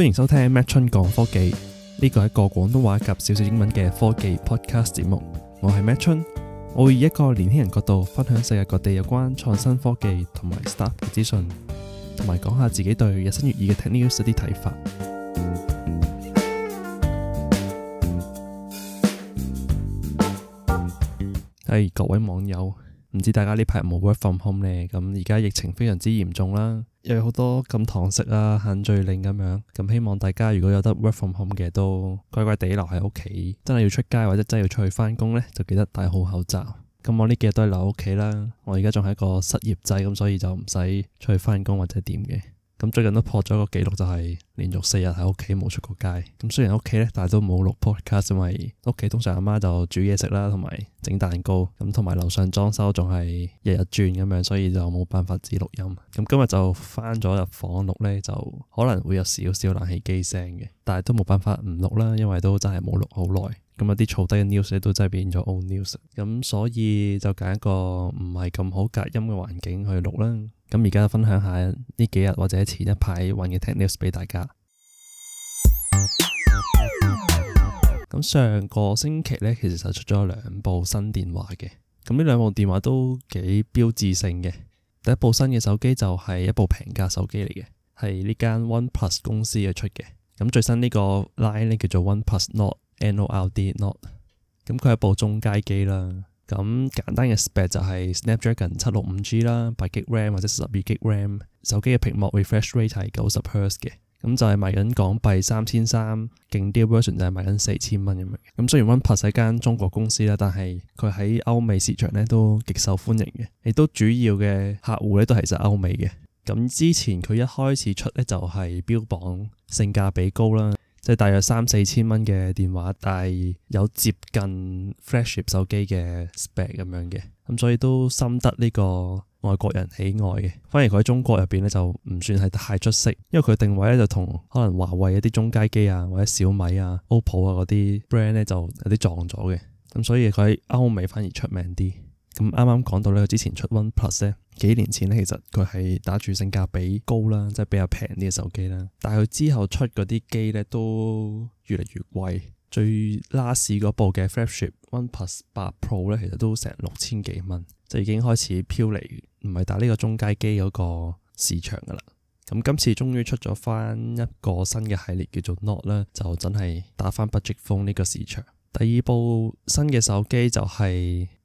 歡迎收聽 Matt 春講科技，呢個係一個廣東話及少少英文嘅科技 podcast 節目。我係 Matt 春，我會以一個年輕人角度分享世界各地有關創新科技同埋 startup 嘅資訊，同埋講下自己對日新月異嘅 tech news 一啲睇法。係、hey，各位網友，唔知大家呢排有冇 work from home 呢？咁而家疫情非常之嚴重啦。又有好多禁堂食啊，限聚令咁樣，咁希望大家如果有得 work from home 嘅都乖乖地留喺屋企。真係要出街或者真係要出去返工咧，就記得戴好口罩。咁我呢幾日都係留喺屋企啦，我而家仲係一個失業仔咁所以就唔使出去返工或者點嘅。咁最近都破咗個紀錄，就係連續四日喺屋企冇出過街。咁雖然喺屋企咧，但係都冇錄 podcast，因為屋企通常阿媽，媽就煮嘢食啦，同埋整蛋糕。咁同埋樓上裝修仲係日日轉咁樣，所以就冇辦法只錄音。咁今日就翻咗入房錄咧，就可能會有少少冷氣機聲嘅，但係都冇辦法唔錄啦，因為都真係冇錄好耐。咁有啲儲低嘅 news 都真係變咗 old news。咁所以就揀一個唔係咁好隔音嘅環境去錄啦。咁而家分享下呢幾日或者前一排揾嘅 Tech News 俾大家。咁上個星期呢，其實就出咗兩部新電話嘅。咁呢兩部電話都幾標誌性嘅。第一部新嘅手機就係一部平價手機嚟嘅，係呢間 One Plus 公司嘅出嘅。咁最新呢個 Line 呢，叫做 One Plus Nord e N O R D Nord。e 咁佢係一部中階機啦。咁簡單嘅 spec 就係 Snapdragon 七六五 G 啦，八 G RAM 或者十二 G RAM，手機嘅屏幕 refresh rate 係九十赫茲嘅，咁就係賣緊港幣三千三勁啲 version 就係賣緊四千蚊咁樣嘅。咁雖然 OnePlus 係一間中國公司啦，但係佢喺歐美市場咧都極受歡迎嘅，亦都主要嘅客戶咧都係就歐美嘅。咁之前佢一開始出咧就係標榜性價比高啦。即係大約三四千蚊嘅電話，但係有接近 flagship 手機嘅 spec 咁樣嘅，咁所以都深得呢個外國人喜愛嘅。反而佢喺中國入邊咧就唔算係太出色，因為佢定位咧就同可能華為一啲中階機啊，或者小米啊、OPPO 啊嗰啲 brand 咧就有啲撞咗嘅。咁所以佢喺歐美反而出名啲。咁啱啱講到呢，佢之前出 OnePlus 呢，幾年前呢，其實佢係打住性價比高啦，即係比較平啲嘅手機啦。但係佢之後出嗰啲機呢，都越嚟越貴。最 last 嗰部嘅 Flagship OnePlus 八 Pro 呢，其實都成六千幾蚊，就已經開始飄離唔係打呢個中階機嗰個市場噶啦。咁今次終於出咗翻一個新嘅系列叫做 Nord 啦，就真係打翻 budget phone 呢個市場。第二部新嘅手機就係、是。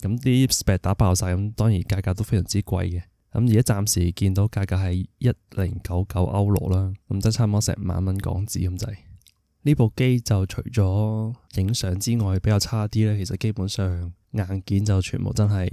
咁啲 spec 打爆晒，咁當然價格都非常之貴嘅。咁而家暫時見到價格係一零九九歐羅啦，咁即係差唔多成萬蚊港紙咁滯。呢部機就除咗影相之外比較差啲咧，其實基本上硬件就全部真係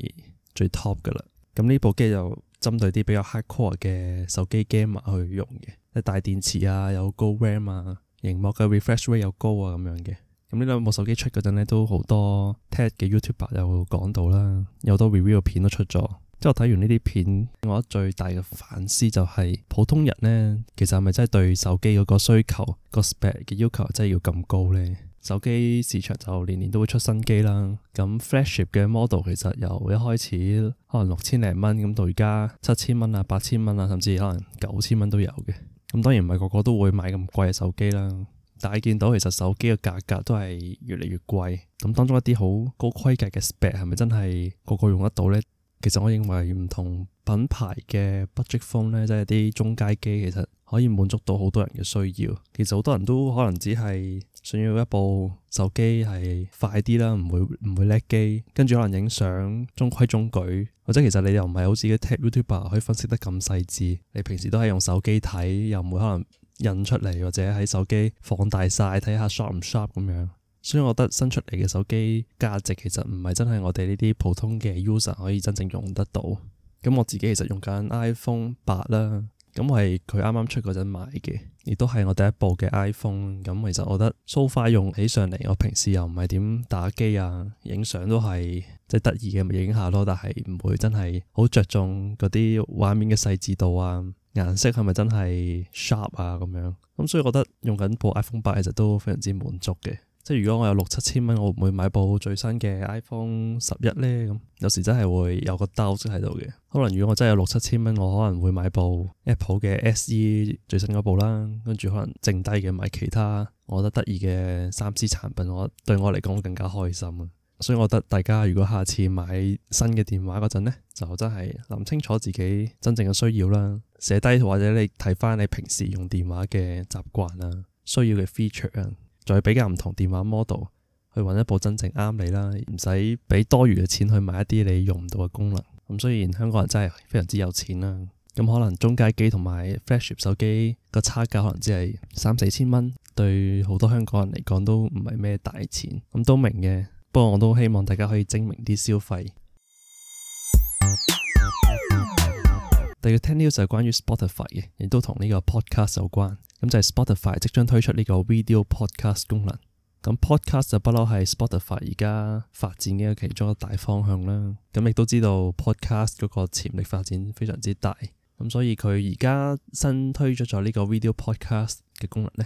最 top 嘅啦。咁呢部機就針對啲比較 hard core 嘅手機 gamer 去用嘅，即係大電池啊，有高 RAM 啊，螢幕嘅 refresh rate 又高啊咁樣嘅。咁呢兩部手機出嗰陣咧，都好多 tech 嘅 YouTube 又講到啦，有好多 review 片都出咗。即係我睇完呢啲片，我覺得最大嘅反思就係，普通人咧其實係咪真係對手機嗰個需求、這個 spec 嘅要求真係要咁高咧？手機市場就年年都會出新機啦。咁 flagship 嘅 model 其實由一開始可能六千零蚊，咁到而家七千蚊啊、八千蚊啊，甚至可能九千蚊都有嘅。咁當然唔係個個都會買咁貴嘅手機啦。但係見到其實手機嘅價格都係越嚟越貴，咁當中一啲好高規格嘅 spec 係咪真係個個用得到呢？其實我認為唔同品牌嘅 budget phone 呢，即係啲中階機其實可以滿足到好多人嘅需要。其實好多人都可能只係想要一部手機係快啲啦，唔會唔會叻機，跟住可能影相中規中矩，或者其實你又唔係好似啲 tech YouTuber 可以分析得咁細緻，你平時都係用手機睇，又唔會可能。印出嚟，或者喺手機放大晒，睇下 sharp 唔 sharp 咁樣，所以我覺得新出嚟嘅手機價值其實唔係真係我哋呢啲普通嘅 user 可以真正用得到。咁我自己其實用緊 iPhone 八啦，咁我係佢啱啱出嗰陣買嘅，亦都係我第一部嘅 iPhone。咁其實我覺得 so far 用起上嚟，我平時又唔係點打機啊，影相都係即係得意嘅咪影下咯，但係唔會真係好着重嗰啲畫面嘅細緻度啊。顏色係咪真係 sharp 啊？咁樣咁，所以我覺得用緊部 iPhone 八其實都非常之滿足嘅。即係如果我有六七千蚊，我唔會買部最新嘅 iPhone 十一咧。咁有時真係會有個 doubt 喺度嘅。可能如果我真係有六七千蚊，我可能會買部 Apple 嘅 SE 最新嗰部啦。跟住可能剩低嘅買其他，我覺得得意嘅三 C 產品，我對我嚟講更加開心啊。所以我覺得大家如果下次買新嘅電話嗰陣咧，就真係諗清楚自己真正嘅需要啦。寫低或者你睇翻你平時用電話嘅習慣啊，需要嘅 feature 啊，再比較唔同電話 model 去揾一部真正啱你啦，唔使俾多餘嘅錢去買一啲你用唔到嘅功能。咁、嗯、雖然香港人真係非常之有錢啦，咁、嗯、可能中階機同埋 flagship 手機個差價可能只係三四千蚊，對好多香港人嚟講都唔係咩大錢。咁、嗯、都明嘅，不過我都希望大家可以精明啲消費。 第二個 news 就係關於 Spotify 嘅，亦都同呢個 podcast 有關。咁就係 Spotify 即將推出呢個 video podcast 功能。咁 podcast 就不嬲係 Spotify 而家發展嘅其中一個大方向啦。咁亦都知道 podcast 嗰個潛力發展非常之大。咁所以佢而家新推出咗呢個 video podcast 嘅功能呢，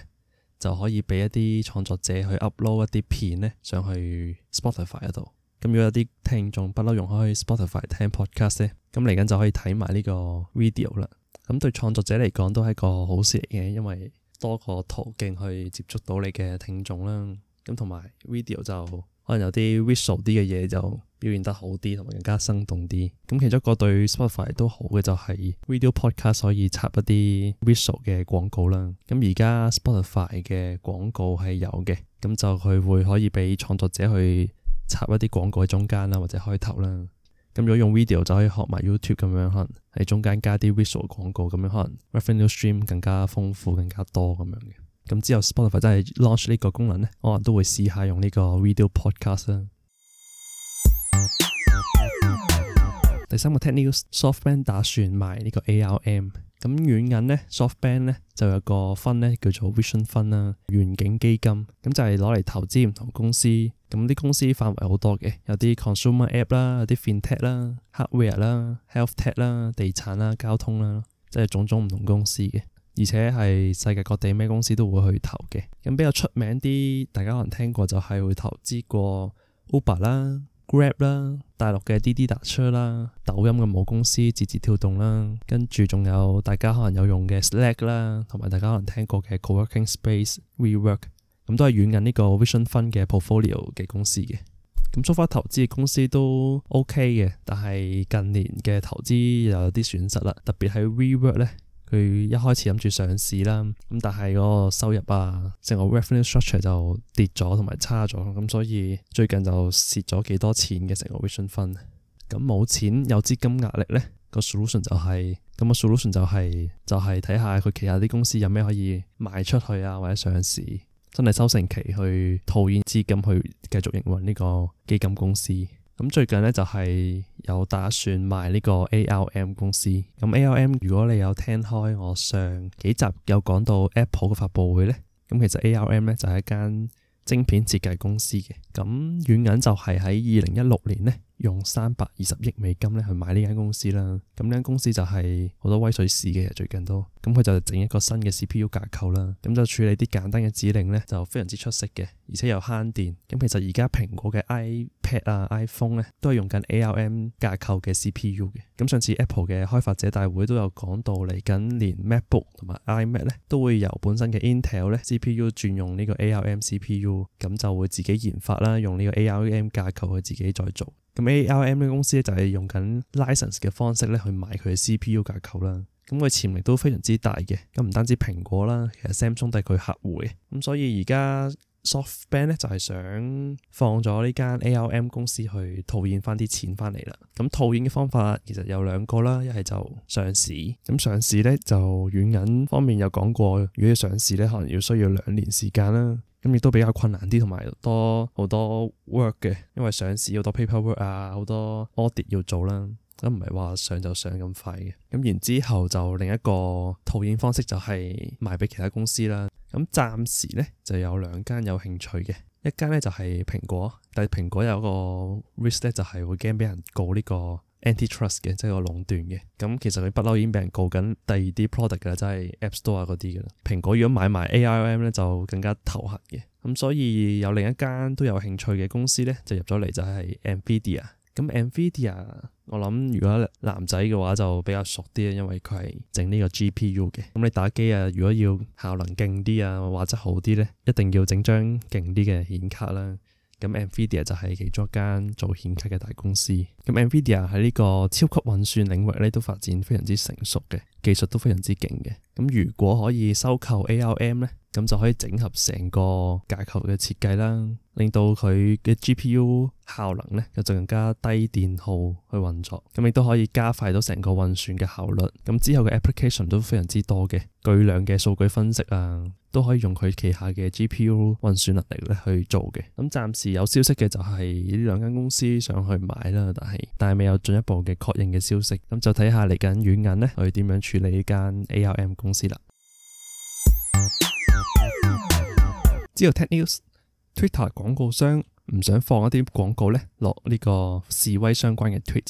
就可以俾一啲創作者去 upload 一啲片呢上去 Spotify 嗰度。咁如果有啲聽眾不嬲用開 Spotify 聽 podcast 咧。咁嚟緊就可以睇埋呢個 video 啦。咁對創作者嚟講都係個好事嚟嘅，因為多個途徑去接觸到你嘅聽眾啦。咁同埋 video 就可能有啲 visual 啲嘅嘢就表現得好啲，同埋更加生動啲。咁其中一個對 Spotify 都好嘅就係 video podcast 可以插一啲 visual 嘅廣告啦。咁而家 Spotify 嘅廣告係有嘅，咁就佢會可以俾創作者去插一啲廣告喺中間啦，或者開頭啦。咁如果用 video 就可以學埋 YouTube 咁樣，可能喺中間加啲 visual 廣告，咁樣可能 Revenue Stream 更加豐富、更加多咁樣嘅。咁之後 Spotify 真係 launch 呢個功能咧，我可能都會試下用呢個 video podcast 啦。第三個 technology，SoftBank 打算賣呢個 ARM。咁軟銀咧，SoftBank 咧就有個 Fund 咧叫做 Vision Fund 啦，遠景基金，咁就係攞嚟投資唔同公司。咁啲公司範圍好多嘅，有啲 consumer app 啦，有啲 fintech 啦，hardware 啦，health tech 啦，地產啦，交通啦，即係種種唔同公司嘅，而且係世界各地咩公司都會去投嘅。咁比較出名啲，大家可能聽過就係會投資過 Uber 啦、Grab 啦，大陸嘅滴滴打車啦、抖音嘅母公司字節跳動啦，跟住仲有大家可能有用嘅 Slack 啦，同埋大家可能聽過嘅 co-working space WeWork。咁都係遠近呢個 Vision Fund 嘅 portfolio 嘅公司嘅。咁出發投資嘅公司都 OK 嘅，但係近年嘅投資又有啲損失啦。特別喺 WeWork 咧，佢一開始諗住上市啦，咁但係嗰個收入啊，成個 Revenue Structure 就跌咗，同埋差咗。咁所以最近就蝕咗幾多錢嘅成個 Vision Fund。咁冇錢有資金壓力咧，個 Solution 就係、是、咁、個 Solution 就係、是、就係、是、睇下佢旗下啲公司有咩可以賣出去啊，或者上市。真係收成期去套現資金去繼續營運呢個基金公司。咁最近呢，就係、是、有打算賣呢個 ARM 公司。咁 ARM 如果你有聽開我上幾集有講到 Apple 嘅發佈會呢，咁其實 ARM 呢就係、是、一間晶片設計公司嘅。咁軟銀就係喺二零一六年呢。用三百二十億美金咧去買呢間公司啦。咁呢間公司就係好多威水史嘅，最近都，咁佢就整一個新嘅 C P U 架構啦。咁就處理啲簡單嘅指令咧，就非常之出色嘅，而且又慳電。咁其實而家蘋果嘅 iPad 啊、iPhone 咧，都係用緊 A R M 架構嘅 C P U 嘅。咁上次 Apple 嘅開發者大會都有講到嚟緊，連 MacBook 同埋 iMac 咧都會由本身嘅 Intel 咧 C P U 轉用呢個 A R M C P U，咁就會自己研發啦，用呢個 A R M 架構去自己再做。咁 ARM 呢公司咧就係用緊 license 嘅方式咧去買佢嘅 CPU 架構啦，咁佢潛力都非常之大嘅，咁唔單止蘋果啦，其實 Samsung 都係佢客戶嘅，咁所以而家。SoftBank 咧就係、是、想放咗呢間 ARM 公司去套現翻啲錢翻嚟啦。咁、嗯、套現嘅方法其實有兩個啦，一係就上市。咁上市咧就軟銀方面有講過，如果要上市咧，可能要需要兩年時間啦。咁、嗯、亦都比較困難啲，同埋多好多 work 嘅，因為上市好多 paperwork 啊，好多 audit 要做啦。咁唔係話上就上咁快嘅。咁然之後就另一個套現方式就係賣俾其他公司啦。咁、嗯、暫時呢就有兩間有興趣嘅，一間呢就係、是、蘋果，但係蘋果有個 risk 呢就係、是、會驚俾人告呢個 antitrust 嘅，即係個壟斷嘅。咁其實佢不嬲已經俾人告緊第二啲 product 㗎，即係 App Store 嗰啲㗎啦。蘋果如果買埋 ARM 呢就更加頭痕嘅。咁、嗯、所以有另一間都有興趣嘅公司呢，就入咗嚟就係 Nvidia。咁 Nvidia。我諗如果男仔嘅話就比較熟啲啦，因為佢係整呢個 GPU 嘅。咁你打機啊，如果要效能勁啲啊，畫質好啲咧，一定要整張勁啲嘅顯卡啦。咁 NVIDIA 就係其中一間做顯卡嘅大公司。咁 NVIDIA 喺呢個超級運算領域咧都發展非常之成熟嘅，技術都非常之勁嘅。咁如果可以收購 ARM 咧，咁就可以整合成個架構嘅設計啦，令到佢嘅 GPU 效能呢，就更加低電耗去運作，咁亦都可以加快到成個運算嘅效率。咁之後嘅 application 都非常之多嘅，巨量嘅數據分析啊，都可以用佢旗下嘅 GPU 運算能力咧去做嘅。咁暫時有消息嘅就係呢兩間公司想去買啦，但係但係未有進一步嘅確認嘅消息。咁就睇下嚟緊軟銀呢，佢點樣處理呢間 ARM 公司啦。啊。之後，TechNews、Tech News, Twitter 廣告商唔想放一啲廣告咧，落呢個示威相關嘅 tweet。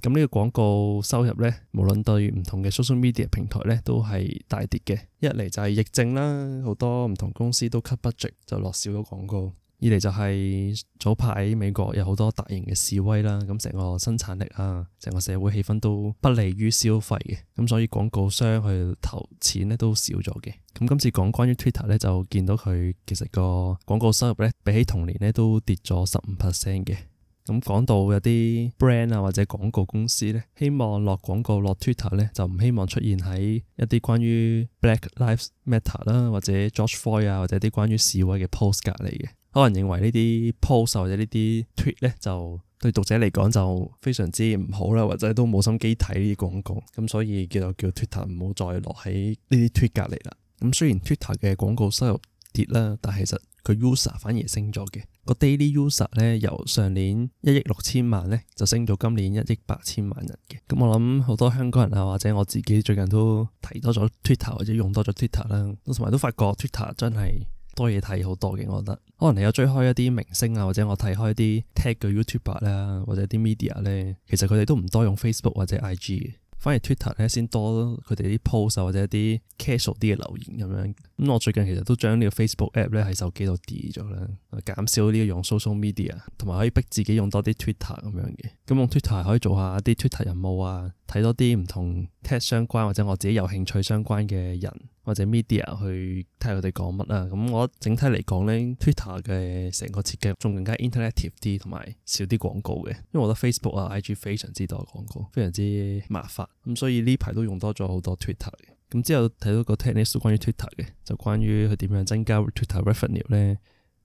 咁呢個廣告收入咧，無論對唔同嘅 social media 平台咧，都係大跌嘅。一嚟就係疫症啦，好多唔同公司都 cut budget，就落少咗廣告。二嚟就係早排美國有好多大型嘅示威啦，咁成個生產力啊，成個社會氣氛都不利於消費嘅，咁所以廣告商去投錢咧都少咗嘅。咁今次講關於 Twitter 咧，就見到佢其實個廣告收入咧比起同年咧都跌咗十五 percent 嘅。咁講到有啲 brand 啊或者廣告公司咧，希望落廣告落 Twitter 咧就唔希望出現喺一啲關於 Black Lives Matter 啦，或者 George Floyd 啊或者啲關於示威嘅 post 隔籬嘅。可能認為呢啲 post 或者呢啲 tweet 咧就對讀者嚟講就非常之唔好啦，或者都冇心機睇呢啲廣告，咁所以叫做叫 Twitter 唔好再落喺呢啲 tweet 隔離啦。咁雖然 Twitter 嘅廣告收入跌啦，但係其實佢 user 反而升咗嘅。個 daily user 咧由上年一億六千萬咧就升到今年一億八千萬人嘅。咁我諗好多香港人啊，或者我自己最近都睇多咗 Twitter 或者用多咗 Twitter 啦，同埋都發覺 Twitter 真係～多嘢睇好多嘅，我覺得可能你有追開一啲明星啊，或者我睇開啲 tag 嘅 YouTuber 啦、啊，或者啲 media 咧，其實佢哋都唔多用 Facebook 或者 IG 嘅，反而 Twitter 咧先多佢哋啲 post、啊、或者一啲 casual 啲嘅留言咁樣。咁、嗯、我最近其實都將呢個 Facebook app 咧喺手機度跌咗啦，減少呢個用 social media，同埋可以逼自己用多啲 Twitter 咁樣嘅。咁、嗯、用 Twitter 可以做一下啲 Twitter 任務啊，睇多啲唔同 tag 相關或者我自己有興趣相關嘅人。或者 media 去睇下佢哋講乜啊？咁我覺得整體嚟講呢 Twitter 嘅成個設計仲更加 interactive 啲，同埋少啲廣告嘅。因為我覺得 Facebook 啊、IG 非常之多廣告，非常之麻煩。咁所以呢排都用多咗好多 Twitter 嘅。咁之後睇到個 tech news 關於 Twitter 嘅，就關於佢點樣增加 Twitter revenue 呢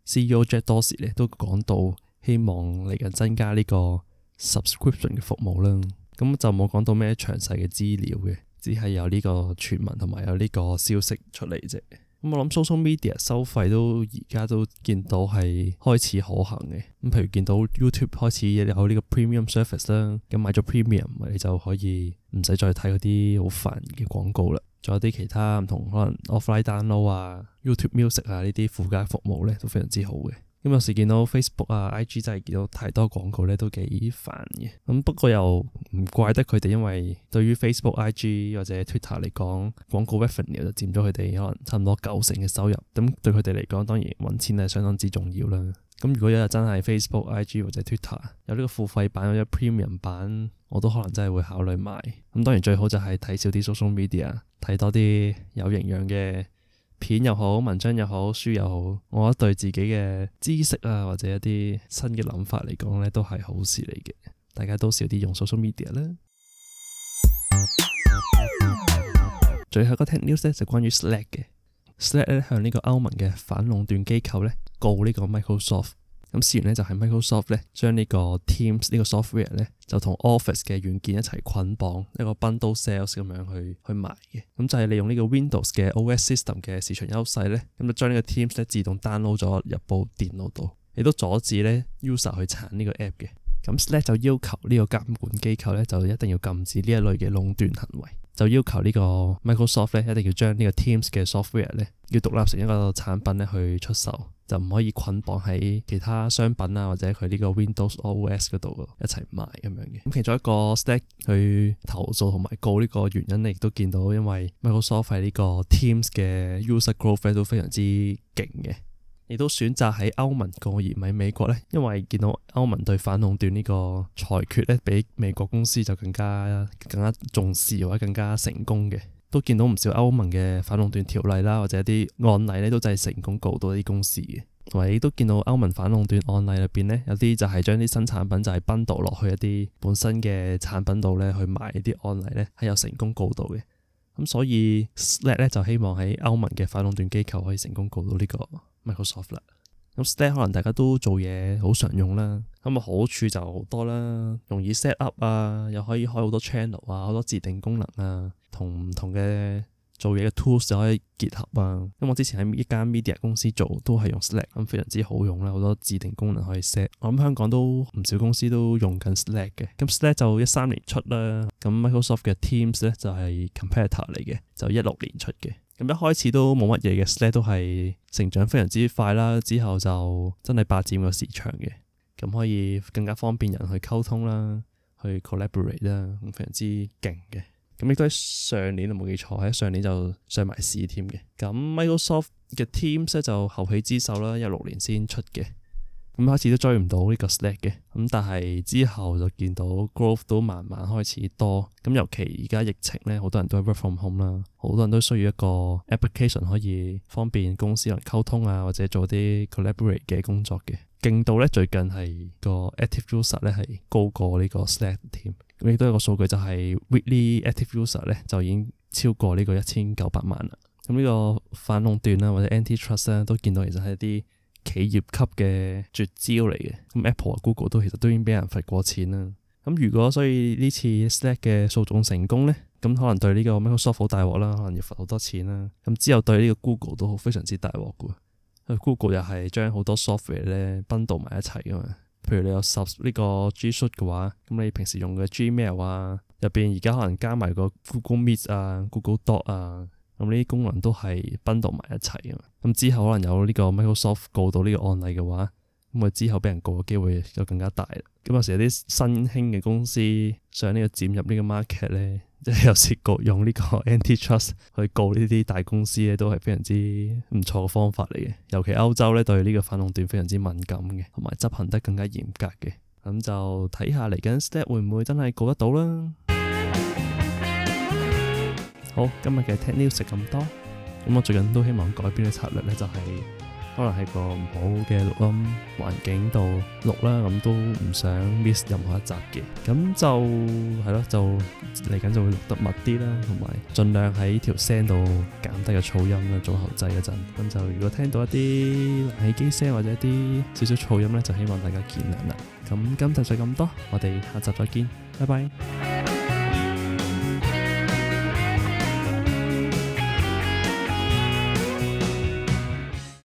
？CEO Jack 多時 Dorsey 咧都講到希望嚟緊增加呢個 subscription 嘅服務啦。咁就冇講到咩詳細嘅資料嘅。只係有呢個傳聞同埋有呢個消息出嚟啫。咁我諗 social media 收費都而家都見到係開始可行嘅。咁譬如見到 YouTube 開始有呢個 Premium Service 啦，咁買咗 Premium 你就可以唔使再睇嗰啲好煩嘅廣告啦。仲有啲其他唔同可能 Offline Download 啊、YouTube Music 啊呢啲附加服務咧都非常之好嘅。咁有時見到 Facebook 啊、IG 真係見到太多廣告咧，都幾煩嘅。咁不過又唔怪得佢哋，因為對於 Facebook、IG 或者 Twitter 嚟講，廣告 Revenue 就佔咗佢哋可能差唔多九成嘅收入。咁對佢哋嚟講，當然揾錢係相當之重要啦。咁如果有日真係 Facebook、IG 或者 Twitter 有呢個付費版或者 Premium 版，我都可能真係會考慮買。咁當然最好就係睇少啲 social media，睇多啲有營養嘅。片又好，文章又好，書又好，我覺得對自己嘅知識啊，或者一啲新嘅諗法嚟講呢，都係好事嚟嘅。大家都少啲用 social media 啦。 最後一個 tech news 呢，就關於 Slack 嘅，Slack 呢，向呢個歐盟嘅反壟斷機構呢，告呢個 Microsoft。咁事完咧就係 Microsoft 咧將呢個 Teams 呢個 software 咧就同 Office 嘅軟件一齊捆綁一個 Bundle Sales 咁樣去去賣嘅，咁就係利用呢個 Windows 嘅 OS system 嘅市場優勢咧，咁就將呢個 Teams 咧自動 download 咗入部電腦度，亦都阻止咧 user 去鏟呢個 app 嘅。咁 Slack 就要求呢個監管機構咧就一定要禁止呢一類嘅壟斷行為。就要求呢個 Microsoft 咧，一定要將呢個 Teams 嘅 software 咧，要獨立成一個產品咧去出售，就唔可以捆綁喺其他商品啊，或者佢呢個 Windows OS 嗰度一齊賣咁樣嘅。咁其中一個 Slack 去投訴同埋告呢個原因，亦都見到，因為 Microsoft 喺呢個 Teams 嘅 user growth 都非常之勁嘅。亦都選擇喺歐盟過，而唔係美國咧，因為見到歐盟對反壟斷呢個裁決咧，比美國公司就更加更加重視，或者更加成功嘅。都見到唔少歐盟嘅反壟斷條例啦，或者一啲案例咧，都真係成功告到一啲公司嘅。同埋亦都見到歐盟反壟斷案例裏邊咧，有啲就係將啲新產品就係 bundle 落去一啲本身嘅產品度咧去賣一啲案例咧，係有成功告到嘅。咁所以 Slack 咧就希望喺歐盟嘅反壟斷機構可以成功告到呢個 Microsoft 啦，咁 Slack 可能大家都做嘢好常用啦，咁啊好處就好多啦，容易 set up 啊，又可以開好多 channel 啊，好多自定功能啊，同唔同嘅做嘢嘅 tools 就可以結合啊。咁我之前喺一間 media 公司做，都係用 Slack，咁、嗯、非常之好用啦，好多自定功能可以 set。我諗香港都唔少公司都用緊 Slack 嘅，咁 Slack 就一三年出啦，咁 Microsoft 嘅 Teams 咧就係 competitor 嚟嘅，就一六年出嘅。咁一開始都冇乜嘢嘅，都係成長非常之快啦，之後就真係霸佔個市場嘅，咁可以更加方便人去溝通啦，去 collaborate 啦，咁非常之勁嘅。咁亦都喺上年，冇記錯喺上年就上埋市添嘅。咁 Microsoft 嘅 Teams 咧就後起之秀啦，一六年先出嘅。咁開始都追唔到呢個 Slack 嘅，咁但係之後就見到 Growth 都慢慢開始多。咁尤其而家疫情咧，好多人都喺 Work From Home 啦，好多人都需要一個 Application 可以方便公司人溝通啊，或者做啲 Collaborate 嘅工作嘅。勁到咧，最近係個 Active User 咧係高過呢個 Slack 添。咁亦都有個數據就係 Weekly Active User 咧就已經超過呢個一千九百萬啦。咁呢個反壟斷啦、啊、或者 Antitrust 咧、啊、都見到其實係一啲。企業級嘅絕招嚟嘅，咁 Apple Google 都其實都已經俾人罰過錢啦。咁如果所以呢次 Slack 嘅訴訟成功呢，咁可能對呢個 Microsoft 大鑊啦，可能要罰好多錢啦。咁之後對呢個 Google 都好非常之大鑊嘅，Google 又係將好多 software 呢，bundle 到埋一齊嘅嘛。譬如你有十呢個 G Suite 嘅話，咁你平時用嘅 Gmail 啊，入邊而家可能加埋個 Google Meet 啊、Google Doc 啊。咁呢啲功能都係 bundle 到埋一齊啊！咁之後可能有呢個 Microsoft 告到呢個案例嘅話，咁啊之後俾人告嘅機會就更加大。咁有時有啲新興嘅公司想呢個佔入呢個 market 呢，即係有試過用呢個 Antitrust 去告呢啲大公司呢，都係非常之唔錯嘅方法嚟嘅。尤其歐洲呢，對呢個反壟斷非常之敏感嘅，同埋執行得更加嚴格嘅。咁就睇下嚟緊 Slack 會唔會真係告得到啦？好，今日嘅 tech news 就咁多，咁我最近都希望改變嘅策略咧，就是，就係可能喺個唔好嘅錄音環境度錄啦，咁都唔想 miss 任何一集嘅，咁就係咯，就嚟緊就會錄得密啲啦，同埋盡量喺條聲度減低個噪音啦，做後製嗰陣。咁就如果聽到一啲冷氣機聲或者一啲少少噪音咧，就希望大家見諒啦。咁今集就咁多，我哋下集再見，拜拜。